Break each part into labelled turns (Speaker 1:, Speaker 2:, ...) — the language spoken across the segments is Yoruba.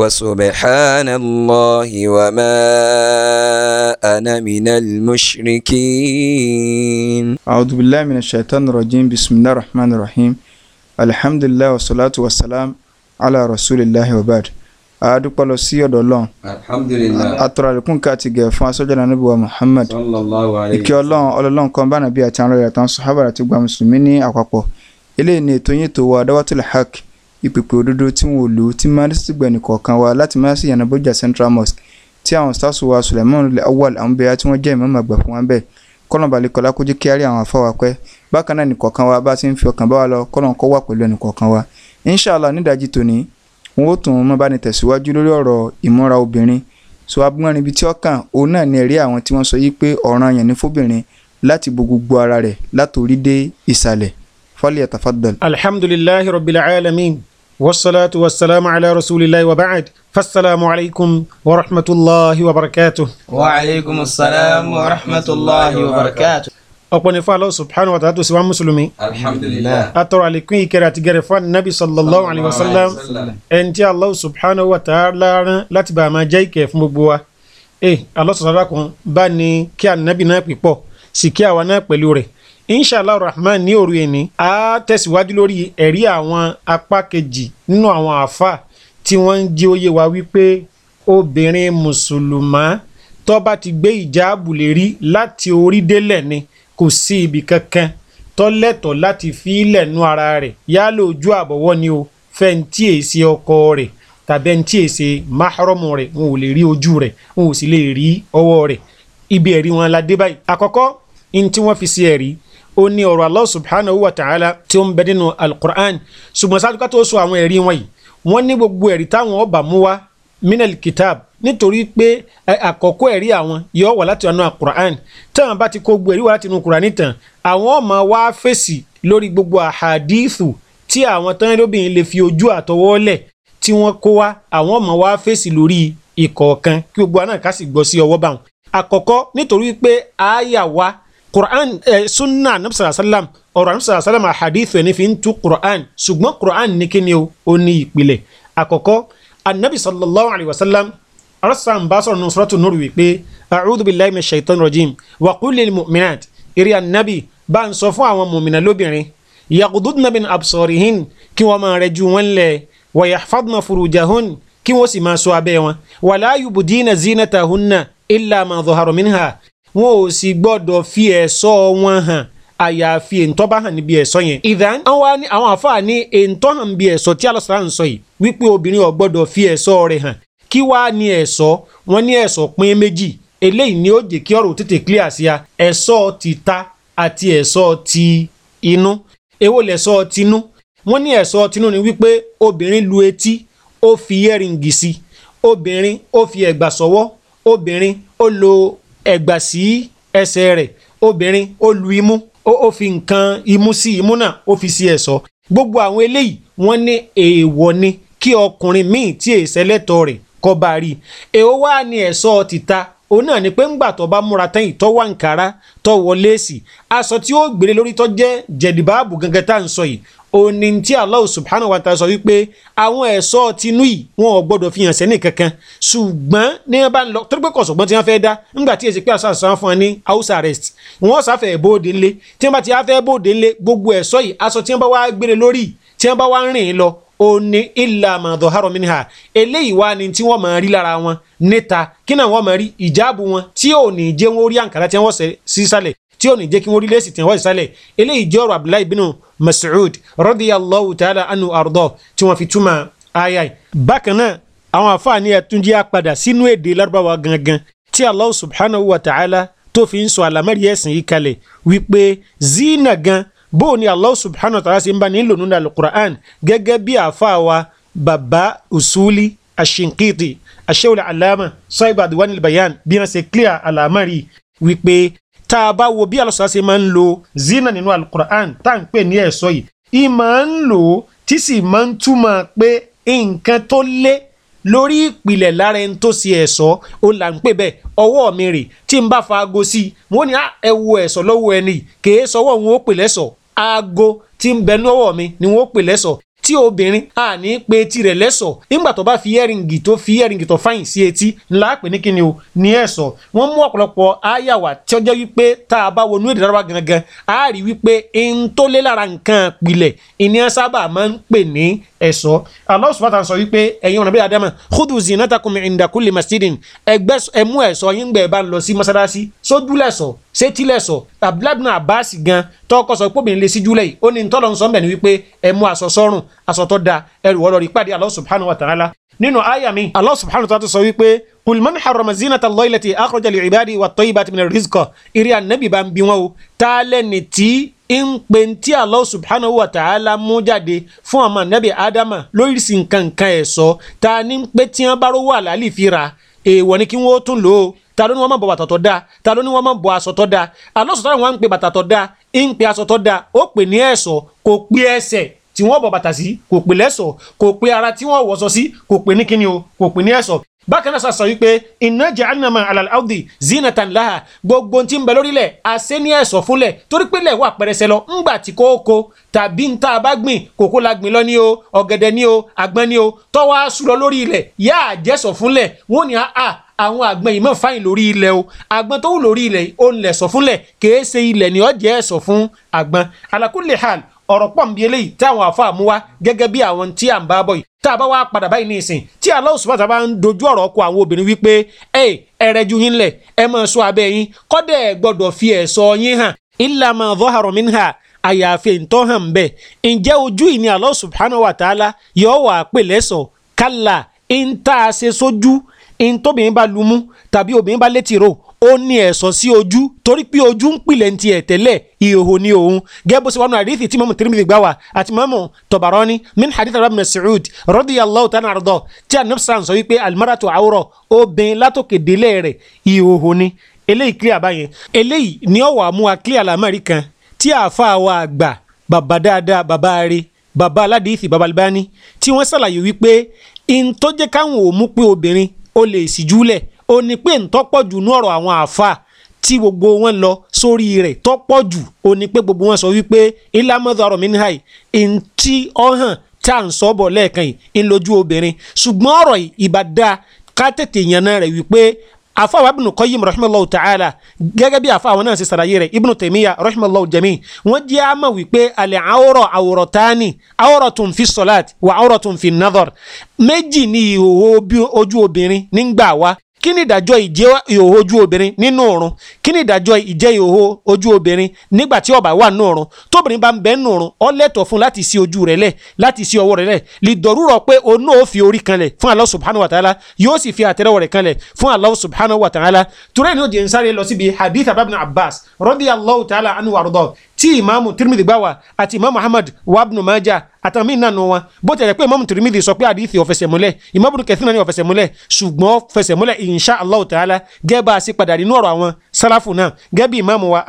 Speaker 1: وسبحان الله وما أنا من المشركين أعوذ بالله من الشيطان الرجيم بسم الله الرحمن الرحيم الحمد لله والصلاة والسلام على رسول الله وبعد a dúpẹ́ lọ sí ọ̀dọ̀ Ọlọ́run alhamdulillah atọrọ àlékún ká ti gẹ fún asọjọ náà níbi wa Muhammad sallallahu alayhi ìkẹ́ Ọlọ́run ọlọlọrun kan bá nàbí àti àwọn ọ̀rẹ́ àtàwọn ti gba mùsùlùmí ní àpapọ̀ eléyìí ni ètò yìí tó wà Dawatul Haq ìpèpè òdodo tí wọn ò lò tí máa gbẹ̀nì kọ̀ọ̀kan wa láti máa sì yànnàbọ́jà Central Mosque tí àwọn stars wa Suleiman Awal Ambeya tí wọ́n jẹ́ ìmọ̀ọ́mọ̀ àgbà fún wa ń bẹ̀ kọ́lọ̀balẹ̀ kọlá kó jẹ́ kí á rí àwọn afáwa pẹ́ bákan náà nìkọ̀ọ̀kan wa bá ti ń fi ọkàn bá wa lọ kọ́lọ̀ kọ́ wà pẹ̀lú ẹnìkọ̀ọ̀kan wa inshallah nídàájí tòní wọn ó tún mọ́ bá ní tẹ̀síwájú lórí ọ̀rọ̀ ìmúra obìnrin so agbọ́nrin ibi tí ó kàn òun náà ni ẹ̀rí àwọn tí wọ́n sọ yí pé ọ̀ràn yẹn ní fóbìnrin láti bo gbogbo ara rẹ̀ látòrí dé ìsàlẹ̀ fọ́lì ẹ̀tàfàdàl.
Speaker 2: alhamdulillahi rabbil alamin. والصلاة والسلام على رسول الله وبعد فالسلام عليكم ورحمة الله وبركاته
Speaker 1: وعليكم السلام ورحمة الله وبركاته
Speaker 2: ọ̀pọ̀ni fún Allah subhanahu wa ta'ala tó sì wá mùsùlùmí. alhamdulilah. atọrọ àlékún ìkẹrẹ àti gẹrẹ fún anabi sallallahu alayhi wa sallam ẹni tí Allah subhanahu wa ta'ala rán láti bá a máa jẹ́ ìkẹ́ fún gbogbo wa. ee eh, Allah sọ̀rọ̀ kan bá ní kí anabi náà pípọ̀ sì kí àwa náà pẹ̀lú rẹ̀ inshallah rahman ní òru ẹni a tẹ̀síwájú lórí ẹ̀rí àwọn apá kejì nínú àwọn àáfà tí wọ́n ń jí òye wa wípé obìnrin mùsùlùmá tó bá ti gbé ìjáàbù lérí láti orí délẹ̀ ni kò sí ibi kankan tó lẹ́tọ̀ọ́ láti fi ilẹ̀ nú ara rẹ̀ yálò ojú àbọ̀wọ́ ni o fẹ́ntì èsì ọkọ rẹ̀ tàbí ẹni tí èsè máhọ́rọ́mù rẹ̀ wọn ò lè rí ojú rẹ̀ wọn ò sì lè rí ọwọ́ rẹ̀ ibi ẹ̀rí wọn la dé báyìí. àkọ́kọ́ ní tí wọ́n fi sí ẹ̀rí ó ní ọ̀rọ̀ Allah subhanahu wa ta'ala tí ó ń bẹ nínú al-Qur'an ṣùgbọ́n sáájú ká tó sọ àwọn ẹ̀rí wọn yìí wọ́n ní gbogbo ẹ̀rí táwọn ọba mú wá minel kitab nítorí pé àkọ́kọ́ ẹ̀rí àwọn yóò wà láti ọ̀nà al-Qur'an táwọn bá ti kó gbogbo ẹ̀rí wá láti inú Qur'an tán àwọn ọmọ wa fèsì lórí gbogbo àhàdíìsù tí àwọn tán lóbìnrin lè fi ojú àtọwọ́ tí wọ́n kó wá àwọn ọmọ wa fèsì lórí ìkọ̀ọ̀kan kí gbogbo àná ká sì gbọ́ sí ọwọ́ báwọn àkọ́kọ́ nítorí pé àáyà wa quran ẹ eh, sunna nabi sallallahu alayhi wa sallam ọ̀rọ̀ nabi sallallahu alayhi wa sallam hadith ẹni fi ń tu quran ṣùgbọ́n quran ní kíni o ó ní ìpìlẹ̀ àkọ́kọ́ anabi sallallahu alayhi wa sallam arasan bá sọ̀rọ̀ nù nuru wípé a'udhu billahi minash shaitan rajim wa qul mu'minat eré anabi bá ń sọ fún àwọn mu'mina lóbìnrin yagududna bin absorihin kí wọ́n máa rẹjú wọn lẹ̀ wa yahfadna furujahun kí wọ́n sì máa ṣọ́ abẹ́ wọn wala yubudina zinatahunna illa ma dhahara minha wọn ò sì gbọ́dọ̀ fi ẹ̀sọ́ wọn hàn àyàfi èntọ́ hàn níbi ẹ̀sọ́ yẹn. ìdán àwọn àwọn àfáà ní èntọ́ hàn bí ẹ̀sọ́ tí alọ́sàrà ń sọ yìí wípé obìnrin ò gbọ́dọ̀ fi ẹ̀sọ́ rẹ̀ hàn kí wàá ní ẹ̀sọ́ wọn ní ẹ̀sọ́ pín méjì eléyìí ni ó jẹ́ kí ọ̀rọ̀ tètè clear sí a ẹ̀sọ́ ti ta àti ẹ̀sọ́ ti inú èwo lẹ̀sọ́ tinú Wọn ní ẹ̀sọ́ tinú ni wípé obìnrin lu etí ó fi yẹ́rìngì si obìnrin ó fi ẹ̀gbà sọ́wọ́ obìnrin ó lo ẹ̀gbà sí ẹsẹ̀ rẹ̀ obìnrin ó lu imú ó fi nǹkan imú sí imú náà ó fi sí ẹ̀sọ́ gbogbo àwọn eléyìí wọ́n ní èèwọ̀ ni kí ọkùnrin míì tí èsẹ̀lẹ́tọ̀ rẹ̀ kọ́ bá rí i èèwọ̀ wá ní ẹ̀sọ́ òun náà ni pé ńgbà tó bá múra tán ìtọ́ wà nkàrà tó wọ léèsì aṣọ tí ó gbèrè lórí tó jẹ́ jẹ̀dìbáàbù gangan tá à ń sọ yìí òní tí Allah subhanahu wa ta'ala sọ wípé àwọn ẹ̀ṣọ́ tinú yìí wọn ò gbọ́dọ̀ fi hàn sẹ́ni kankan ṣùgbọ́n ní wọn bá ń lọ torí pé kọ̀sọ̀gbọ́n tí wọ́n fẹ́ dá ńgbà tí èsì pé àṣà àṣà fún wọn ní house arrest wọn ṣàfẹ́ bóde ńlé tí wọ́n bá ti fẹ́ bóde ńlé gbogbo ẹ̀ṣọ́ yìí aṣọ tí wọ́n bá wá gbére lórí tí wọ́n bá wá ń rìn lọ ó ní illa ma dhahara minha eléyìí wá ní tí wọ́n máa rí lára wọn níta kí náà wọ́n máa rí ìjáàbù wọn tí ò ní jẹ́ wọ́n rí àǹkárá tí wọ́n ṣe sísàlẹ̀ tí ò ní jẹ́ kí wọ́n rí lẹ́sì tí wọ́n ṣe sálẹ̀ eléyìí jẹ́ ọ̀rọ̀ Abdullahi bin Mas'ud radiyallahu ta'ala anhu ardọ tí wọ́n fi túmọ̀ aya yìí. bákan náà àwọn àfààní ẹtúnjí apadà sínú èdè Lárúbáwá gangan tí Allah subhanahu wa ta'ala tó fi ń sọ àlámẹ́rì ẹ̀sìn yìí kalẹ̀ wípé zina gan bó ni allah subhanahu wa ta'ala ṣe ń bá nílò nínú alukur'an gẹ́gẹ́ bí àáfàá wa baba usuli ashinkiti asheul alama saiba adiwani bayan bí wọn ṣe clear alamari wípé tá a bá wo bí alọ́sọ̀rọ̀ ṣe máa ń lo zina nínú alukur'an tá à ń pè ní ẹ̀sọ́ yìí ìmọ̀ ń lò tí sì máa ń túmọ̀ pé nǹkan tó lé lórí ìpìlẹ̀ lára ẹni tó ṣe ẹ̀ṣọ́ ó là ń pè bẹ́ẹ̀ ọwọ́ mi rè tí n bá fa aago sí i wọ́n ní ẹ wo ẹ̀ṣọ́ lọ́wọ́ ẹni kèé sọ́wọ́ wọn ó pè lẹ́ṣọ̀ aago tí ń bẹnu ọwọ́ mi ni wọ́n ó pè lẹ́ṣọ̀ tí obìnrin a ní pe tirẹ̀ lẹ́sọ̀ nígbà tó bá fi ẹ̀rìngì tó fi ẹ̀rìngì tó fáyìn sí etí ńlá pè ní kíni o ní ẹ̀sọ̀ wọ́n mú ọ̀pọ̀lọpọ̀ àyàwá tí ó jẹ́ wípé tá a bá wọnú èdè Lárúbáwá gangan a rí wípé n tó lé lára nǹkan pilẹ̀ ìní ẹ sábà máa ń pè ní ẹ̀sọ̀ Allah sọ wípé ẹ̀yin ọ̀nà bí adama khudu zinatakum inda kulli ẹgbẹ́ ẹmú ẹ̀sọ̀ yín gbẹ̀ bá lọ sí mọ́sálásí sójúlẹ̀sọ̀ ṣé tilẹ̀ sọ abdulabdul abbas gan tọkọ sọ pé obìnrin lè síjú lẹ́yìn ó ní tọ́lọ́ sọ mbẹ̀ ni wípé ẹ mú aṣọ sọ́rùn aṣọ tó da ẹrù ọlọ́rí pàdé Allah subhanahu wa ta'ala nínú àyà mi Allah subhanahu wa ta'ala tó sọ wípé qul man harrama zinata Allahi allati akhraja li ibadi wat-tayyibati mina rizqi ìrì ànábì bá ń bí wọn o tá a lẹ́ni tí ń pe tí Allah subhanahu wa ta'ala mú jáde fún ọmọ ànábì ádámà lórí nǹkan nǹkan ẹ̀ sọ ta ló ní wọ́n máa bọ bàtà tó dáa ta ló ní wọ́n máa bọ aṣọ tó dáa alọ́sọ̀tà wọn ń pe bàtà tó dáa ń pe aṣọ tó dáa ó pè ní ẹ̀ṣọ́ kò pé ẹsẹ̀ tí wọ́n bọ bàtà sí kò pè lẹ́ṣọ̀ kò ara tí wọ́n wọṣọ sí kò pè ní kíni o kò pè ní ẹ̀ṣọ́ bákan náà sọ wípé inna ja'alna ma alal awdi zinatan laha gbogbo tí ń bẹ lórílẹ̀ àṣẹ ní ẹ̀sọ́ fúnlẹ̀ torí pé lẹ̀ wà pẹrẹsẹ lọ ńgbà tí kò ko tàbí ń tá a bá gbìn kòkó la gbìn lọ ní o ọ̀gẹ̀dẹ̀ ní o àgbọn ní o tọ́wọ́ aṣọ lọ lórí ilẹ̀ yá àjẹsọ̀ fúnlẹ̀ wọ́n ní a àwọn àgbọn yìí mọ̀ fáyìn lórí ilẹ̀ o àgbọn tó wù lórí ilẹ̀ o ń lẹ̀ sọ fúnlẹ̀ kèé ṣe ilẹ̀ ní ọ̀jẹ̀ ẹ̀sọ̀ fún àgbọn ala ọ̀rọ̀ pọ̀ nbí eléyìí táwọn àfáà mú wá gẹ́gẹ́ bí àwọn tí à ń bá bọ̀ yìí tá a bá wá padà báyìí ní tí aláwọ̀ ń dojú ọ̀rọ̀ ọkọ̀ àwọn ẹ yín lẹ̀ ẹ abẹ́ yín kọ́dẹ̀ gbọ́dọ̀ fi ẹ̀ṣọ́ yín hàn illa ma zahara minha àyàfi ntọ́ hàn bẹ́ ǹjẹ́ ojú aláwọ̀ ó ní ẹ̀sọ́ sí ojú torí pé ojú ń pilẹ̀ ní tiẹ̀ tẹ́lẹ̀ ìhòhò ni òun gẹ́gbó sí wàhánu àdìsí tí mọ́mù Tirmidhi gbà wá àti mọ́mù Tabarani min hadith Ibn Mas'ud radiyallahu ta'ala anhu tí anamsa sọ wípé al-mar'atu awra obìnrin látòkè délẹ̀ rẹ̀ ìhòhò ni eléyìí clear báyẹn eléyìí ni ó wá mú a clear àlámọ̀rí kan tí àáfàá wa àgbà bàbá dáadáa bàbá rẹ̀ bàbá aládìsí bàbá Albani tí wọ́n ṣàlàyé wípé ó ní pé ntọ́pọ̀ jù nú ọ̀rọ̀ àwọn àfa tí gbogbo wọn lọ sórí rẹ̀ tọ́pọ̀ jù ó ní pé gbogbo wọn sọ wípé ilamọ́dọ̀ ọ̀rọ̀ mi níhàí ntí ọ̀hàn tá à ń sọ bọ̀ lẹ́ẹ̀kan yìí ńlójú obìnrin ṣùgbọ́n ọ̀rọ̀ ìbàdà ká tètè yànnà rẹ̀ wípé afaawa ibnu qayyim rahimahulahu ta'ala gẹ́gẹ́ bí afaawa náà ṣe ṣàlàyé rẹ̀ ibnu taymiya rahimahulahu jami wọ́n jẹ́ àmà wípé alẹ́ àwòrán àwòrán tání àwòrán tó ń fi sọ́láàtì wà àwòrán tó ń fi nàdọ́r méjì ní ìhòòhò ojú obìnrin nígbà wa kí ni ìdájọ́ ìjẹ́ ìhòhò ojú obìnrin nínú òrun kí ni ìdájọ́ ìjẹ́ ìhòhò ojú obìnrin nígbà tí ó bá wà nínú òrun tóbìnrin bá ń bẹ nínú òrun ó lẹ́tọ̀ọ́ fún láti sí ojú rẹ̀ lẹ̀ láti sí ọwọ́ rẹ̀ lẹ̀ lè dọ̀rúrọ̀ pé òun náà fi orí kanlẹ̀ fún Allah subhanahu wa ta'ala yóò sì fi àtẹ́rẹ́wọ̀ rẹ̀ kanlẹ̀ fún Allah subhanahu wa ta'ala turẹ̀ ó di nsáré lọ síbi hadith abdul abbas radiyallahu ta'ala anhu wa arda tí ìmáàmù tirimidi gbà wá àti ìmáàmù ahmad wa ibn maja àtàwọn míín nànú wọn bó tẹ̀lé pé ìmáàmù tirimidi sọ pé àdìsí ọ̀fẹsẹ̀ múlẹ̀ ìmáàmù kẹsìn náà ní ọ̀fẹsẹ̀ múlẹ̀ ṣùgbọ́n fẹsẹ̀ múlẹ̀ insha allah ta'ala gẹ́gẹ́ bá a sì padà nínú ọ̀rọ̀ àwọn sálàfù náà gẹ́gẹ́ ìmáàmù wa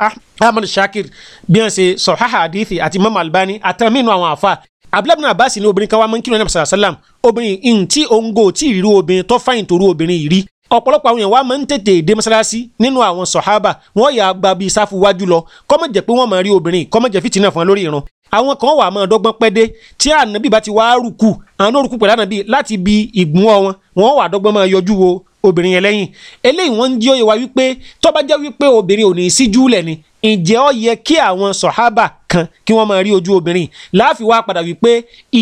Speaker 2: ahmad shakir bí wọ́n ṣe sọ̀háhà àdìsí àti ìmáàmù albani àtàwọn míín àwọn àfa abdulhamid abbas ni obìnrin kan wá mọ́ kí lóyún nàbàṣà sálàm obìnrin ntí òǹgò tí ìrírú obìnrin tó fáyìn torú obìnrin yìí rí ọ̀pọ̀lọpọ̀ àwọn èèyàn wa máa ń tètè dé mọ́sálásí nínú àwọn sọ̀hábà wọ́n yà á gba bíi sáfù wájú lọ kọ́mọ̀ jẹ́ pé wọ́n máa rí obìnrin kọ́mọ̀ jẹ́ fìtínà fún ẹ lórí irun. àwọn kan wà máa dọ́gbọ́n pẹ́ dé tí ànábì bá ti wá rúkú àwọn olórúkú pẹ̀lú ànábì láti bi ìgbún ọ wọn wọ́n wà dọ́gbọ́n máa yọjú wo obìnrin yẹn lẹ́yìn eléyìí wọ́n ń jí wa wípé tó bá jẹ́ wípé obìnrin ò ní í síjú lẹ̀ ni ǹjẹ́ yẹ kí àwọn sọ̀hábà kan kí wọ́n máa rí ojú obìnrin láàfin wá padà wípé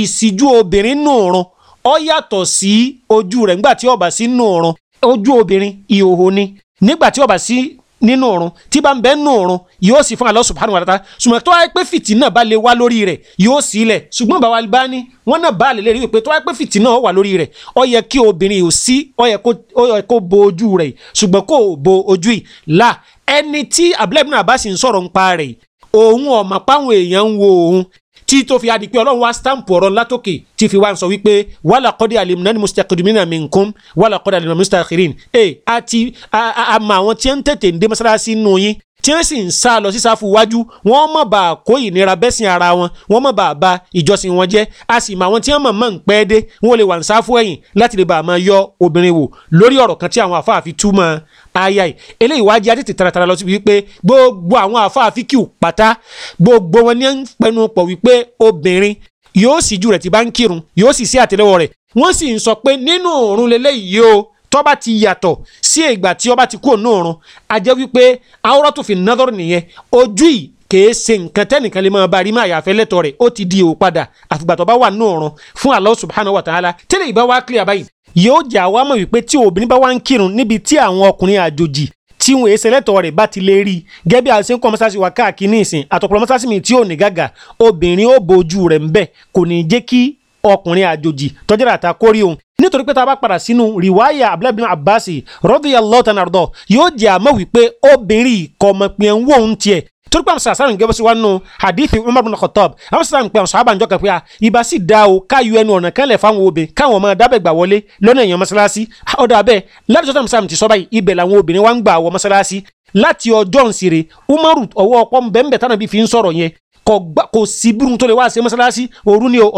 Speaker 2: ìsíjú obìnrin nùrùn ó yàtọ̀ sí ojú rẹ̀ nígbà tí ó sí nùrùn ojú obìnrin ìhòhò ni nígbà tí ó bá sí nínú òrun tí bá ń bẹ nínú òrun yóò sì fún Allah subhanahu wa ta'ala ṣùgbọ́n tó wáyé pé fìtínà bá lè wá lórí rẹ̀ yóò sì ilẹ̀ ṣùgbọ́n bàbá bá ní wọ́n náà bá àlèlè rí i pé tó wáyé pé fìtínà wà lórí rẹ̀ ó yẹ kí obìnrin ò sí ó yẹ kó bo ojú rẹ̀ ṣùgbọ́n kó bo ojú yìí là ẹni tí abúlé ibùdó àbá sì ń sọ̀rọ̀ ń pa òun ọ̀mà páwọn èèyàn ń wo òun tí tó fi adi pé ọlọ́run wá stamp ọ̀rọ̀ látòkè tí fi wá ń sọ wípé wàlà kọ́dí alimnani mustaqdimina minkum wàlà kọ́dí alimnani mustakhirin ee àti àmà àwọn tí ń tètè ń dé mọ́sálásí nù yín tí wọ́n sì ń sá lọ sí sáfù wájú wọ́n mọ̀ bá kó ìnira bẹ́sìn ara wọn wọ́n mọ̀ bá ba ìjọsìn wọn jẹ́ a sì mọ àwọn tí wọ́n mọ̀ mọ̀ ń pẹ́ dé wọ́n lè wà ń sáfù ẹ̀yìn láti lè bá a máa yọ obìnrin wò lórí ọ̀rọ̀ kan tí àwọn àfáà fi túmọ̀ aya yìí eléyìí wájú àti tìtaratara lọ sí wípé gbogbo àwọn àfáàfin kí ò pátá gbogbo wọn ní ń pẹnu pọ̀ wípé obìnrin yóò sì ju rẹ̀ tí bá ń kírun yóò sì sí àtẹ́lẹwọ́ rẹ̀ wọ́n sì ń sọ pé nínú òórùn lélẹ́yìí o tọ́ba ti yàtọ̀ sí ìgbà tí ọba ti kú òun òórùn a jẹ́ wípé awúrọ́tò fi nádọ́rù nìyẹn ojú yìí kèé se nǹkan tẹ́nìkan lè máa bá rí máa yàfẹ́ rẹ̀ ó ti di òpadà àfìgbà tó bá wà nù ọ̀run fún Allah subhanahu wa ta'ala tẹ́lẹ̀ ìbá wa clear báyìí yóò jà wá mọ̀ wípé tí obìnrin bá wá ń kírun níbi tí àwọn ọkùnrin àjòjì tí wọn èsè lẹ́tọ̀ọ́ rẹ̀ bá ti lè rí gẹ́bí àti ń kọ́ mọ́sáàsì wà káàkiri ní ìsìn àtọ̀pọ̀ mọ́sáàsì mi tí ò ní gàgà obìnrin ó bojú rẹ̀ ń bẹ̀ kò ní jẹ́ kí ọkùnrin àjòjì tọ́jú rà ta kórí òun nítorí pé tá a bá padà sínú riwaya abdulayi bin abbas radiyallahu ta'ala anhu yóò jẹ́ àmọ́ wípé obìnrin kọ̀mọ̀pẹ̀ ń wò ń tiẹ̀ torí pé àwọn sàrásàrò ń gẹ́gẹ́ bó ṣe hadithi umar bin khattab àwọn sàrásàrò ń pè àwọn sàhábà ń jọkàn pé a ah, ìbá sì da o ká yọ ẹnu ọ̀nà kan lẹ̀ fáwọn obìnrin káwọn ọmọ dábẹ̀ gbà wọlé lọ́nà èèyàn mọ́sálásí ọ̀dọ̀ ah, abẹ́ láti sọ́tà mùsàlámù ti sọ ibẹ̀ làwọn obìnrin wá ń gbà wọ mọ́sálásí láti ọjọ́ nsire umaru ọwọ́ ọpọ́ mbẹ́mbẹ́ tánà bí fi ń sọ̀rọ̀ yẹn kò sí burúkú tó lè wá sí mọ́sálásí òru ni o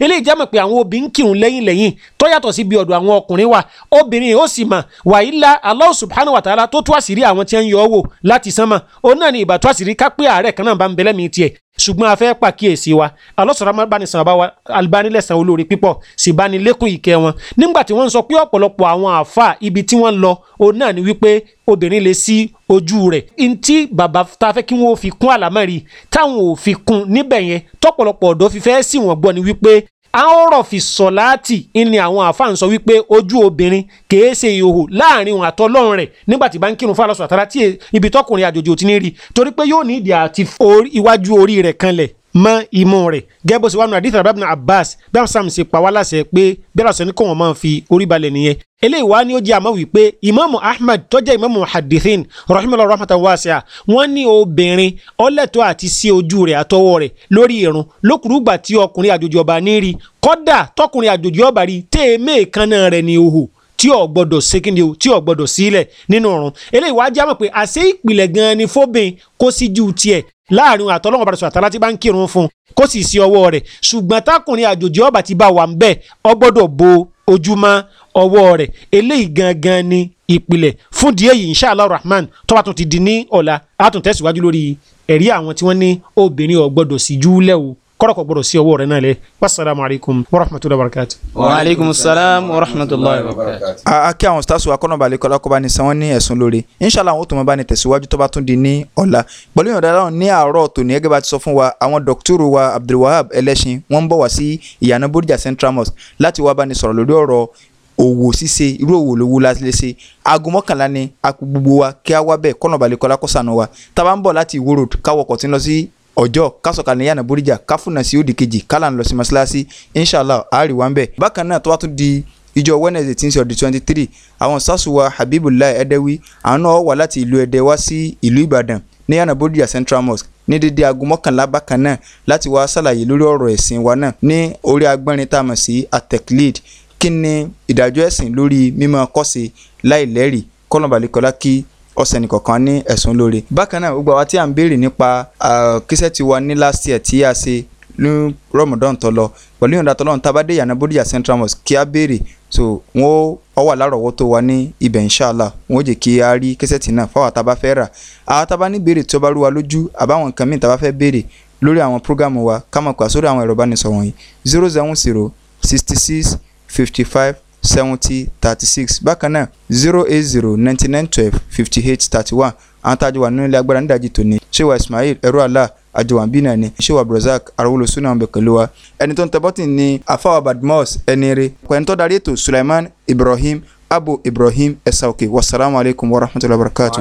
Speaker 2: eléyìí jẹ́ mọ̀ pé àwọn obìnrin kírun lẹ́yìn lẹ́yìn tó yàtọ̀ sí bí ọ̀dọ̀ àwọn ọkùnrin wa obìnrin ó sì mà wàhálà Allah subhanahu wa ta'ala tó tú àṣírí àwọn tí ń yọ ọ́ wò láti sánmà òun náà ni ìbá tú àṣírí ká pé àárẹ̀ kan náà bá ń bẹ lẹ́mìí tiẹ̀ ṣùgbọ́n a fẹ́ pàkíyèsí wa alọ́sọ̀rọ̀ abánisàn àbáwa albanilẹ̀sàn olórí pípọ̀ sì bá ní lékún ìkẹ́ wọn nígbà tí wọ́n ń sọ pé ọ̀pọ̀lọpọ̀ àwọn àáfà ibi tí wọ́n lọ òun náà ni wípé obìnrin lè sí ojú rẹ̀ ntí bàbá ta fẹ́ kí wọ́n fi kún àlámọ́rí táwọn ò fi kún níbẹ̀ yẹn tọ́pọ̀lọpọ̀ ọ̀dọ́ fi fẹ́ sí wọn gbọ́ ni wípé àwòrán fi sọ láti ni àwọn àfáàn sọ wípé ojú obìnrin kìí ṣe ìhòhò láàrin òun àtọlọ́run rẹ̀ nígbà tí bá ń kírun fáwọn aṣọ àtàrà tí ibi tọkùnrin àjòjì ò ti ní rí torí pé yóò ní ìdí àti iwájú orí rẹ̀ kanlẹ̀ mọ imú rẹ̀ gẹ́gẹ́ bó ṣe wà rabbi abbas bí àwọn sàmì ṣe pa wá láṣẹ pé bí àwọn sọ ní kò wọ́n máa fi orí balẹ̀ nìyẹn eléyìí wá ní ó jẹ́ àmọ́ wípé imaamu ahmed tó jẹ́ imaamu hadithin rahimahullah rahmatan wasi'a wọ́n ní obìnrin ọlẹ́tọ́ àti sí ojú rẹ̀ àtọwọ́ rẹ̀ lórí irun lókùrúgbà tí ọkùnrin àjòjì ọba ní rí kọ́dà tọkùnrin àjòjì ọba rí téèmé kanna rẹ̀ ní òhù tí ò gbọdọ̀ sékìndì tí ò gbọdọ̀ sílẹ̀ nínú ọ̀run eléyìí wá jẹ́ àmọ̀ pé àṣẹ ìpìlẹ̀ gan ni fóbìn kó síjú tiẹ̀ láàrin àtọ́lọ́wọ́n bàtà sọ̀tà láti bá ń kírun fún un kó sì sí ọwọ́ rẹ̀ ṣùgbọ́n tákùnrin àjòjì ọba ti bá wà ń bẹ̀ ọ gbọ́dọ̀ bo ojúmọ́ ọwọ́ rẹ̀ eléyìí gangan ni ìpìlẹ̀ fún díẹ̀ yìí inshallah rahman tó bá tún ti di ní ọ̀la á tún tẹ̀síwájú lórí ẹ̀rí àwọn tí wọ́n ní obìnrin ò gbọ́dọ̀ síjú lẹ́wọ̀ kọ́rọ̀ kò gbọdọ̀ sí ọwọ́ rẹ̀ náà lé wasalaamu alaykum wa rahmatulahi wa barakatu. wa aleykum salaam wa rahmatulahi wa barakatu.
Speaker 1: a kí àwọn stars wa kọ́nà balẹ̀ kọ́lá kó bá ní sanwó ní ẹ̀sùn lórí inshallah àwọn tó máa bá ní tẹ̀síwájú tó bá tún di ní ọ̀la pẹ̀lú ìyọ̀dá láwọn ní àárọ̀ tòní gẹ́gẹ́ bá ti sọ fún wa àwọn dọ́kítúrù wa abdulwahab ẹlẹ́sìn wọ́n ń bọ̀ wá sí ìyànà bódìjà central mosque láti wá bá ní sọ̀rọ̀ lórí ọ̀rọ̀ òwò ṣíṣe irú òwò lówó láti lè ṣe aago mọ́kànlá ni gbogbo wa kí a wá bẹ̀ kọ́nà balẹ̀ kọ́lá kó wa tá a bá ń bọ̀ láti ìwó road káwọkọ̀ tí lọ sí ọjọ́ kásọ̀ka ní yànnà bóríjà káfùnà sí òdì kejì kálà ń lọ sí masalasi inshallah àárí wa ń bẹ̀. bákan náà tó wá tún di ìjọ wednesday tí ń ṣe ọdún twenty three àwọn sasuwa habibullahi edewi àwọn náà wà láti ìlú ẹdẹ wá sí ìlú ìbàdàn ní yànnà bóríjà central mosque ní dídí aago mọ́kànlá bákan náà láti wá ṣàlàyé lórí ọ̀rọ̀ ẹ̀sìn wa náà ní orí agbọ́nrin tá a mọ̀ sí ateklid kí ni ìdájọ́ ẹ̀sìn lórí mímọ́ kọ́sẹ̀ láìlẹ́rìí kọ́lọ̀bàlẹ́kọ́lá kí ọ̀sẹ̀ nìkọ̀ọ̀kan ní ẹ̀sùn lóore. bákan náà gbogbo àwa tí à ń béèrè nípa kíṣẹ́ ti wa ní last year tí a ṣe ní Ramadan tó lọ pẹ̀lú ìyọ̀nda tó lọ́run tá a bá Central Mosque kí a béèrè so wọn ó wà lárọ̀ọ́wọ́tó wa ní ibẹ̀ inshàlá wọn ó jẹ́ kí a rí kẹsẹ̀tì náà fáwọn àtàbá fẹ́ rà àtàbá ní béèrè tí ó bá rú wa lójú àbáwọn nǹkan míì tàbá fẹ́ béèrè lórí àwọn prógámù wa ká máa pàṣẹ lórí àwọn ẹ̀rọ ìbánisọ̀rọ̀ wọ̀nyí zero seven zero sixty six fifty five seventy thirty six bákan náà zero eight zero ninety nine twelve fifty eight thirty one àwọn tá a jọ wà nínú ilé agbára nídàájí tòní ṣéwà ismail ẹrú àlá àjọwànbí náà ni ṣéwà brazak arúgbó suna ọbẹ̀ pẹ̀lú wa ẹni tó ń tẹ́bọ́tì ni afawa badmus ẹni pẹ̀lú tó darí ètò suleiman ibrahim abu ibrahim ẹ̀sà òkè wasalaamualeykum wa rahmatulahi